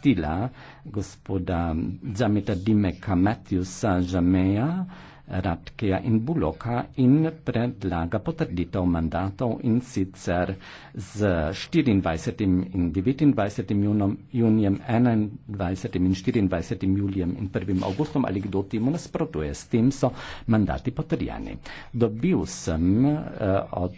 Stila, gospoda Džameta Dimeka Matjusa Žameja, Radkeja in Buloka in predlaga potrditev mandatov in sicer z 24. in 29. junom, junijem, 21. in 24. julijem in 1. augustom ali kdo temu nasprotuje. S tem so mandati potrjeni. Dobil sem uh, od.